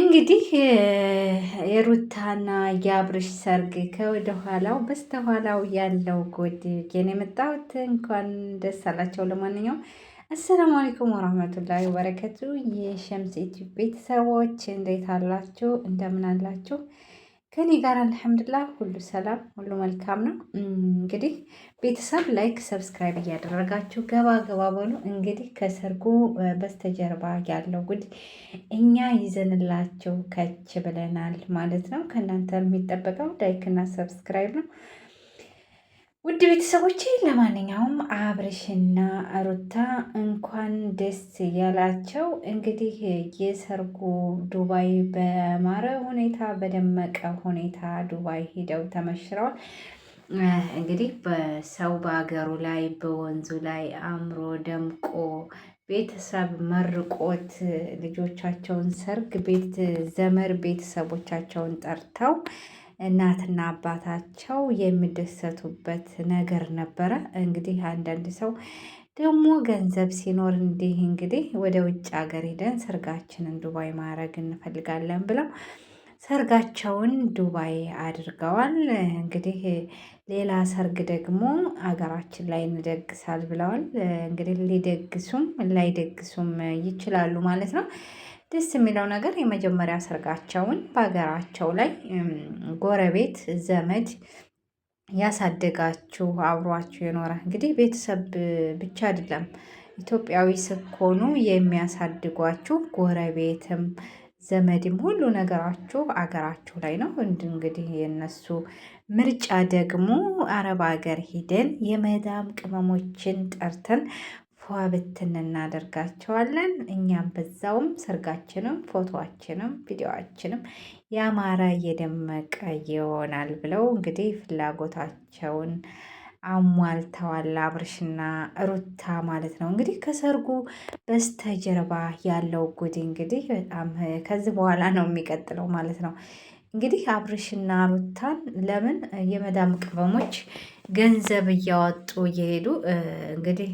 እንግዲህ የሩታና የአብርሽ ሰርግ ከወደኋላው በስተኋላው ያለው ጎድ ጌን የመጣሁት እንኳን ደስ አላቸው። ለማንኛውም አሰላሙ አለይኩም ወራህመቱላሂ ወበረከቱ። የሸምስ ኢትዮ ቤተሰቦች እንዴት አላችሁ? እንደምን አላችሁ? ከኔ ጋር አልሐምድላ ሁሉ ሰላም ሁሉ መልካም ነው። እንግዲህ ቤተሰብ ላይክ፣ ሰብስክራይብ እያደረጋችሁ ገባ ገባ በሉ። እንግዲህ ከሰርጉ በስተጀርባ ያለው ጉድ እኛ ይዘንላችሁ ከች ብለናል ማለት ነው። ከእናንተ የሚጠበቀው ላይክና ሰብስክራይብ ነው። ውድ ቤተሰቦች ለማንኛውም አብርሽና ሩታ እንኳን ደስ ያላቸው። እንግዲህ የሰርጉ ዱባይ በማረ ሁኔታ በደመቀ ሁኔታ ዱባይ ሄደው ተመሽረዋል። እንግዲህ በሰው በሀገሩ ላይ በወንዙ ላይ አምሮ ደምቆ ቤተሰብ መርቆት ልጆቻቸውን ሰርግ ቤት ዘመር ቤተሰቦቻቸውን ጠርተው እናትና አባታቸው የሚደሰቱበት ነገር ነበረ። እንግዲህ አንዳንድ ሰው ደግሞ ገንዘብ ሲኖር እንዲህ እንግዲህ ወደ ውጭ ሀገር ሄደን ሰርጋችንን ዱባይ ማድረግ እንፈልጋለን ብለው ሰርጋቸውን ዱባይ አድርገዋል። እንግዲህ ሌላ ሰርግ ደግሞ አገራችን ላይ እንደግሳል ብለዋል። እንግዲህ ሊደግሱም ላይደግሱም ይችላሉ ማለት ነው። ደስ የሚለው ነገር የመጀመሪያ ሰርጋቸውን በሀገራቸው ላይ ጎረቤት ዘመድ ያሳደጋችሁ አብሯችሁ የኖረ እንግዲህ ቤተሰብ ብቻ አይደለም ኢትዮጵያዊ ስኮኑ የሚያሳድጓችሁ ጎረቤትም ዘመድም ሁሉ ነገራችሁ አገራችሁ ላይ ነው። እንግዲህ የነሱ ምርጫ ደግሞ አረብ ሀገር ሂደን የመዳም ቅመሞችን ጠርተን ፏ ብትን እናደርጋቸዋለን። እኛም በዛውም ሰርጋችንም ፎቶዋችንም ቪዲዮአችንም ያማረ የደመቀ ይሆናል ብለው እንግዲህ ፍላጎታቸውን አሟልተዋል አብርሽና ሩታ ማለት ነው። እንግዲህ ከሰርጉ በስተጀርባ ያለው ጉድ እንግዲህ በጣም ከዚህ በኋላ ነው የሚቀጥለው ማለት ነው። እንግዲህ አብርሽና ሩታን ለምን የመዳም ቅመሞች ገንዘብ እያወጡ እየሄዱ እንግዲህ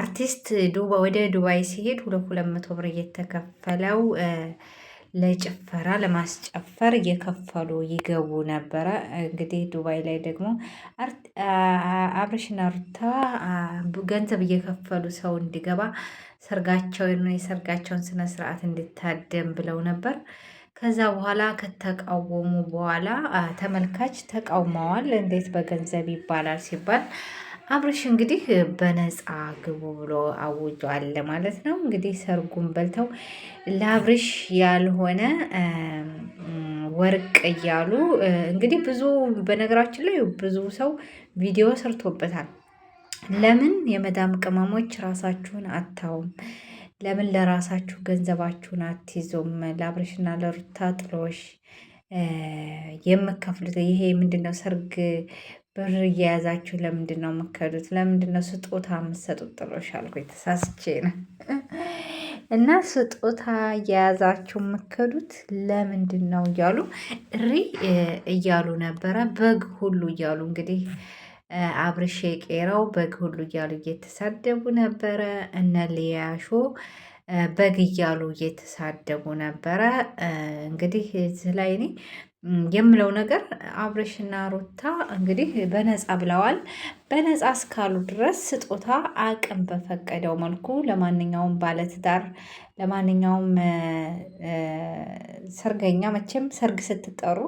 አርቲስት ወደ ዱባይ ሲሄድ ሁለት ሁለት መቶ ብር እየተከፈለው ለጭፈራ ለማስጨፈር እየከፈሉ ይገቡ ነበረ። እንግዲህ ዱባይ ላይ ደግሞ አብርሽና ሩታ ገንዘብ እየከፈሉ ሰው እንዲገባ ሰርጋቸውን የሰርጋቸውን ስነስርዓት እንድታደም ብለው ነበር። ከዛ በኋላ ከተቃወሙ በኋላ ተመልካች ተቃውመዋል። እንዴት በገንዘብ ይባላል ሲባል አብርሽ እንግዲህ በነፃ ግቡ ብሎ አውጇል ማለት ነው። እንግዲህ ሰርጉን በልተው ለአብርሽ ያልሆነ ወርቅ እያሉ እንግዲህ ብዙ በነገራችን ላይ ብዙ ሰው ቪዲዮ ሰርቶበታል። ለምን የመዳም ቅመሞች ራሳችሁን አታውም? ለምን ለራሳችሁ ገንዘባችሁን አትይዞም? ለአብርሽና ለሩታ ጥሎሽ የምከፍሉት ይሄ ምንድነው? ሰርግ ብር እየያዛችሁ ለምንድን ነው የምከዱት? ለምንድን ነው ስጦታ የምትሰጡት? ጥሎሽ አልኩኝ ተሳስቼ ነው። እና ስጦታ እየያዛችሁ የምከዱት ለምንድን ነው እያሉ ሪ እያሉ ነበረ። በግ ሁሉ እያሉ እንግዲህ አብርሽ ቄራው በግ ሁሉ እያሉ እየተሳደቡ ነበረ። እነ ሊያሾ በግ እያሉ እየተሳደቡ ነበረ። እንግዲህ እዚህ ላይ እኔ የምለው ነገር አብርሽና ሩታ እንግዲህ በነፃ ብለዋል። በነፃ እስካሉ ድረስ ስጦታ አቅም በፈቀደው መልኩ ለማንኛውም ባለትዳር ለማንኛውም ሰርገኛ መቼም ሰርግ ስትጠሩ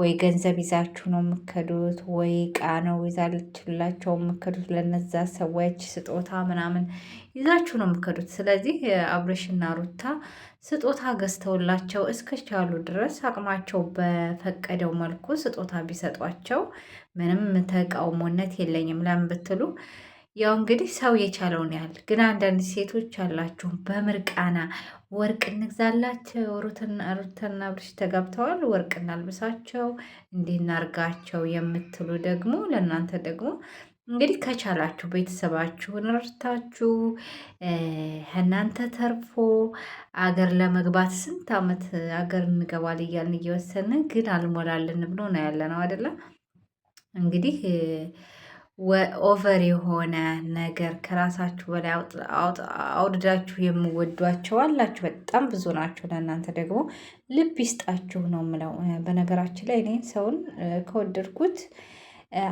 ወይ ገንዘብ ይዛችሁ ነው የምከዱት፣ ወይ እቃ ነው ይዛችሁላቸው የምከዱት፣ ለነዛ ሰዎች ስጦታ ምናምን ይዛችሁ ነው የምከዱት። ስለዚህ አብርሽና ሩታ ስጦታ ገዝተውላቸው እስከቻሉ ድረስ አቅማቸው በፈቀደው መልኩ ስጦታ ቢሰጧቸው ምንም ተቃውሞነት የለኝም። ለምን ብትሉ ያው እንግዲህ ሰው የቻለውን ያህል። ግን አንዳንድ ሴቶች አላችሁ በምርቃና ወርቅ እንግዛላቸው። ሩትና ብርሽ ተጋብተዋል፣ ወርቅ እናልብሳቸው፣ እንዲህ እናርጋቸው የምትሉ ደግሞ ለእናንተ ደግሞ እንግዲህ ከቻላችሁ ቤተሰባችሁን ረድታችሁ እናንተ ተርፎ አገር ለመግባት ስንት ዓመት አገር እንገባል እያልን እየወሰንን ግን አልሞላልን ብሎ ነው ያለ ነው አይደለም እንግዲህ ኦቨር የሆነ ነገር ከራሳችሁ በላይ አውድዳችሁ የምወዷቸው አላችሁ። በጣም ብዙ ናቸው። ለእናንተ ደግሞ ልብ ይስጣችሁ ነው የምለው። በነገራችን ላይ እኔ ሰውን ከወደድኩት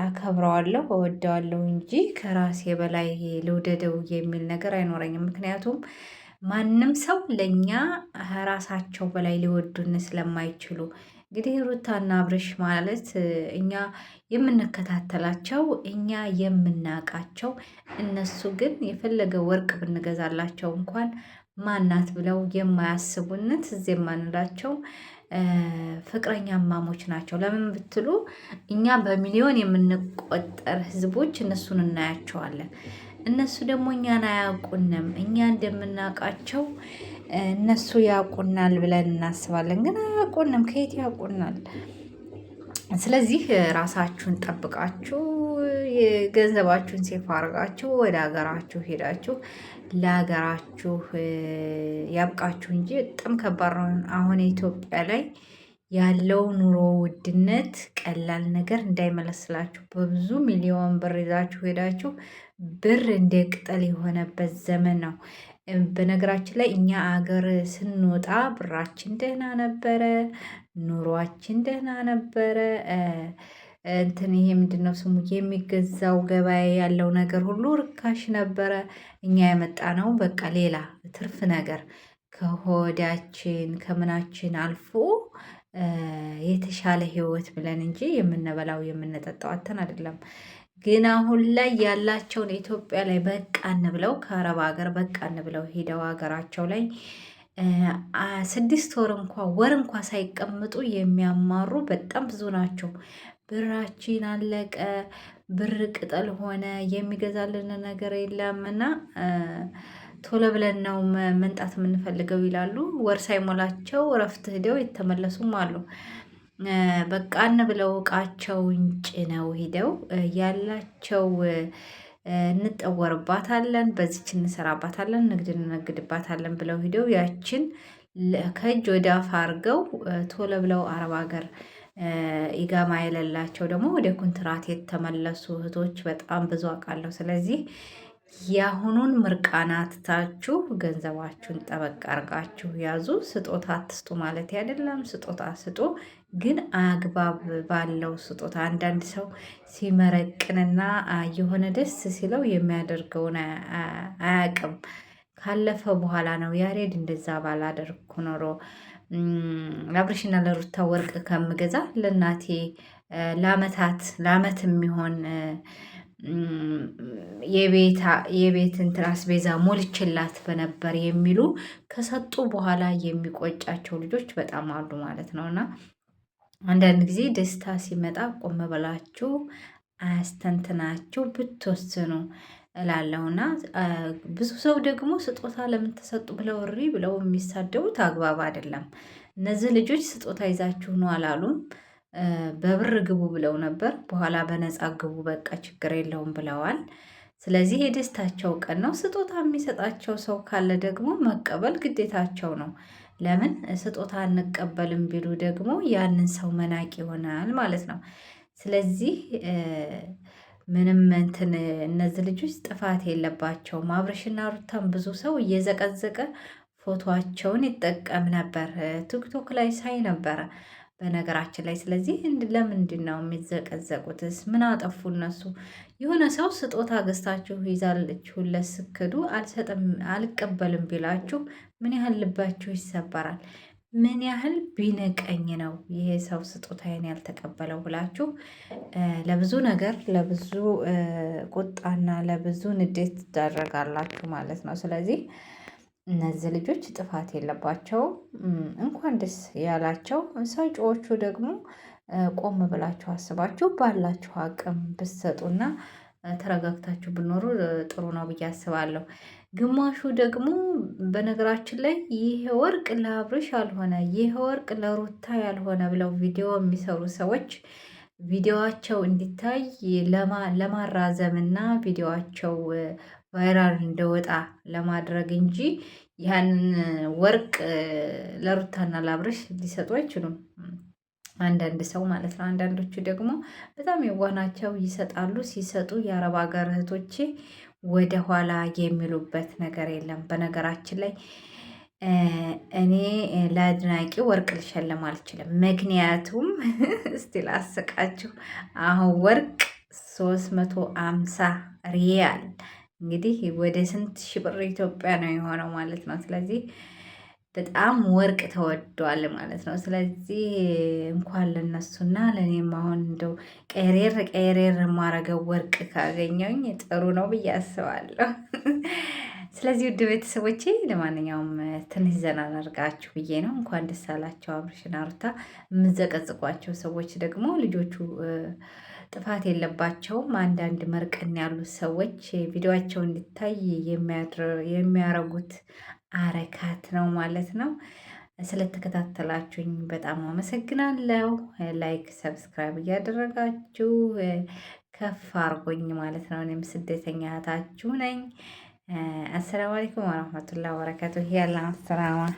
አከብረዋለሁ፣ እወደዋለሁ እንጂ ከራሴ በላይ ልውደደው የሚል ነገር አይኖረኝም። ምክንያቱም ማንም ሰው ለእኛ ራሳቸው በላይ ሊወዱን ስለማይችሉ እንግዲህ ሩታና አብርሽ ማለት እኛ የምንከታተላቸው እኛ የምናውቃቸው እነሱ ግን የፈለገ ወርቅ ብንገዛላቸው እንኳን ማናት ብለው የማያስቡነት እዚህ የማንላቸው ፍቅረኛ ማሞች ናቸው። ለምን ብትሉ እኛ በሚሊዮን የምንቆጠር ህዝቦች እነሱን እናያቸዋለን። እነሱ ደግሞ እኛን አያውቁንም። እኛ እንደምናውቃቸው እነሱ ያውቁናል ብለን እናስባለን፣ ግን አያውቁንም። ከየት ያውቁናል? ስለዚህ ራሳችሁን ጠብቃችሁ ገንዘባችሁን ሴፍ አድርጋችሁ ወደ ሀገራችሁ ሄዳችሁ ለሀገራችሁ ያብቃችሁ እንጂ በጣም ከባድ ነው። አሁን ኢትዮጵያ ላይ ያለው ኑሮ ውድነት ቀላል ነገር እንዳይመለስላችሁ። በብዙ ሚሊዮን ብር ይዛችሁ ሄዳችሁ ብር እንደ ቅጠል የሆነበት ዘመን ነው። በነገራችን ላይ እኛ አገር ስንወጣ ብራችን ደህና ነበረ ኑሯችን ደህና ነበረ። እንትን ይሄ ምንድነው ስሙ የሚገዛው ገበያ ያለው ነገር ሁሉ ርካሽ ነበረ። እኛ የመጣ ነው በቃ ሌላ ትርፍ ነገር ከሆዳችን ከምናችን አልፎ የተሻለ ህይወት ብለን እንጂ የምንበላው የምንጠጣው አተን አይደለም። ግን አሁን ላይ ያላቸውን ኢትዮጵያ ላይ በቃን ብለው ከአረብ ሀገር በቃን ብለው ሄደው ሀገራቸው ላይ ስድስት ወር እንኳ ወር እንኳ ሳይቀምጡ የሚያማሩ በጣም ብዙ ናቸው። ብራችን አለቀ፣ ብር ቅጠል ሆነ፣ የሚገዛልን ነገር የለም እና ቶሎ ብለን ነው መንጣት የምንፈልገው ይላሉ። ወር ሳይሞላቸው እረፍት ሂደው የተመለሱም አሉ። በቃን ብለው እቃቸውን ጭነው ሂደው ያላቸው እንጠወርባታለን በዚች እንሰራባታለን ንግድ እንነግድባታለን ብለው ሂደው ያችን ከእጅ ወደ አፍ አድርገው ቶሎ ብለው አረብ ሀገር ኢጋማ የሌላቸው ደግሞ ወደ ኩንትራት የተመለሱ እህቶች በጣም ብዙ አውቃለሁ። ስለዚህ የአሁኑን ምርቃና ትታችሁ ገንዘባችሁን ጠበቅ አርጋችሁ ያዙ። ስጦታ አትስጡ ማለት አይደለም። ስጦታ ስጡ፣ ግን አግባብ ባለው ስጦታ። አንዳንድ ሰው ሲመረቅንና የሆነ ደስ ሲለው የሚያደርገውን አያቅም። ካለፈ በኋላ ነው ያሬድ እንደዛ ባላደርግኩ ኖሮ ለአብርሽና ለሩታ ወርቅ ከምገዛ ለእናቴ ለአመታት ለአመት የሚሆን የቤት እንትን አስቤዛ ሞልችላት በነበር የሚሉ ከሰጡ በኋላ የሚቆጫቸው ልጆች በጣም አሉ ማለት ነው። እና አንዳንድ ጊዜ ደስታ ሲመጣ ቆም ብላችሁ አያስተንትናችሁ ብትወስኑ እና ብዙ ሰው ደግሞ ስጦታ ለምን ተሰጡ ብለው እሪ ብለው የሚሳደቡት አግባብ አይደለም። እነዚህ ልጆች ስጦታ ይዛችሁ ነው አላሉም። በብር ግቡ ብለው ነበር። በኋላ በነፃ ግቡ በቃ ችግር የለውም ብለዋል። ስለዚህ የደስታቸው ቀን ነው። ስጦታ የሚሰጣቸው ሰው ካለ ደግሞ መቀበል ግዴታቸው ነው። ለምን ስጦታ አንቀበልም ቢሉ ደግሞ ያንን ሰው መናቅ ይሆናል ማለት ነው። ስለዚህ ምንም እንትን እነዚህ ልጆች ጥፋት የለባቸውም። አብርሽና ሩታን ብዙ ሰው እየዘቀዘቀ ፎቶቸውን ይጠቀም ነበር። ቲክቶክ ላይ ሳይ ነበረ በነገራችን ላይ ስለዚህ ለምንድን ነው የሚዘቀዘቁትስ? ምን አጠፉ እነሱ? የሆነ ሰው ስጦታ ገዝታችሁ ይዛችሁለት አልሰጥም አልቀበልም ቢላችሁ ምን ያህል ልባችሁ ይሰበራል? ምን ያህል ቢነቀኝ ነው ይሄ ሰው ስጦታዬን ያልተቀበለው ብላችሁ ለብዙ ነገር ለብዙ ቁጣና ለብዙ ንዴት ትዳረጋላችሁ ማለት ነው። ስለዚህ እነዚህ ልጆች ጥፋት የለባቸው እንኳን ደስ ያላቸው። ሰጪዎቹ ደግሞ ቆም ብላችሁ አስባችሁ ባላችሁ አቅም ብትሰጡና ተረጋግታችሁ ብኖሩ ጥሩ ነው ብዬ አስባለሁ። ግማሹ ደግሞ በነገራችን ላይ ይሄ ወርቅ ለአብርሽ ያልሆነ ይሄ ወርቅ ለሩታ ያልሆነ ብለው ቪዲዮ የሚሰሩ ሰዎች ቪዲዮቸው እንዲታይ ለማራዘም እና ቪዲዮቸው ቫይራል እንደወጣ ለማድረግ እንጂ ያንን ወርቅ ለሩታና ለአብርሽ ሊሰጡ አይችሉም። አንዳንድ ሰው ማለት ነው። አንዳንዶቹ ደግሞ በጣም የዋናቸው ይሰጣሉ። ሲሰጡ የአረብ ሀገር እህቶቼ ወደ ኋላ የሚሉበት ነገር የለም። በነገራችን ላይ እኔ ለአድናቂ ወርቅ ልሸልም አልችልም። ምክንያቱም እስቲ ላስቃችሁ። አሁን ወርቅ ሶስት መቶ አምሳ ሪያል እንግዲህ ወደ ስንት ሺህ ብር ኢትዮጵያ ነው የሆነው ማለት ነው። ስለዚህ በጣም ወርቅ ተወዷል ማለት ነው። ስለዚህ እንኳን ለነሱና ለእኔም አሁን እንደው ቀሬር ቀሬር የማረገው ወርቅ ካገኘውኝ ጥሩ ነው ብዬ አስባለሁ። ስለዚህ ውድ ቤተሰቦቼ ለማንኛውም ትንሽ ዘና ላድርጋችሁ ብዬ ነው። እንኳን ደስ አላቸው አብርሽና ሩታ። የምዘቀዝቋቸው ሰዎች ደግሞ ልጆቹ ጥፋት የለባቸውም። አንዳንድ መርቅን ያሉት ሰዎች ቪዲዮቸው እንዲታይ የሚያረጉት አረካት ነው ማለት ነው። ስለተከታተላችሁኝ በጣም አመሰግናለሁ። ላይክ፣ ሰብስክራይብ እያደረጋችሁ ከፍ አርጎኝ ማለት ነው። እኔም ስደተኛ ነኝ። آه، السلام عليكم ورحمة الله وبركاته يلا مع السلامة